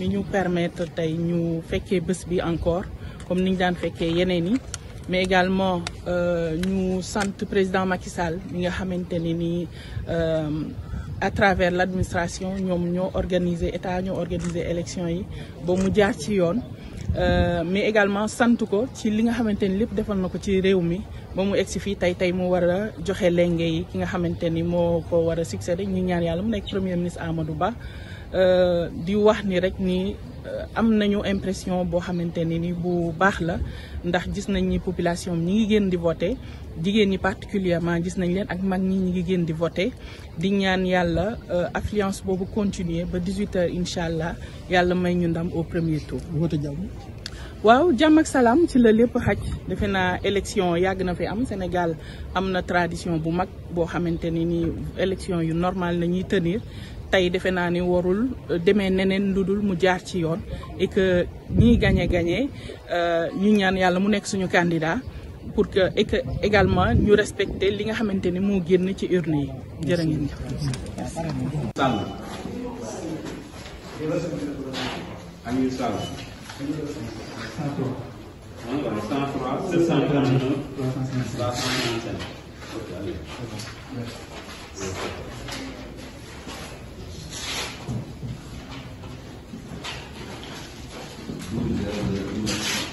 mi ñu permettre tey ñu fekkee bés bi encore comme ni ñu daan fekkee yeneen yi mais également euh, ñu sant président Macky Sall mi nga xamante ne ni euh, à travers l' administration ñoom ñoo organiser état ñoo organiser élection yi ba mu jaar ci yoon. Euh, mais également sant ko ci li nga xamante ni lépp defal na ko ci réew mi ba mu egsi fii tey tey mu war a joxe lenge yi ki nga xamante ni moo ko war a succéder ñu ñaar yàlla mu nekk premier ministre Amadou Ba. Euh, di wax ni rek ni euh, am nañu impression boo xamante ne ni bu baax la ndax gis nañ ñi population ñi ngi génn di voté jigéen ñi particulièrement gis nañ leen ak mag ñi ñi ngi génn di voté di ñaan yàlla euh, affluence boobu continuer ba 18 heures incha allah yàlla may ñun ndam au premier tour. waaw jàmm ak salaam ci la lépp xaj defe naa élection yàgg na fi am Sénégal am na tradition bu mag boo xamante ni nii élection yu normal na ñuy tenir tey defe naa ni warul demee neneen lu dul mu jaar ci yoon et que gañe gagné ñu ñaan yàlla mu nekk suñu candidat pour que et que également ñu respecter li nga xamante ni moo génn ci urne yi jërë ngeen jëf. 103 739 355 Obrigado.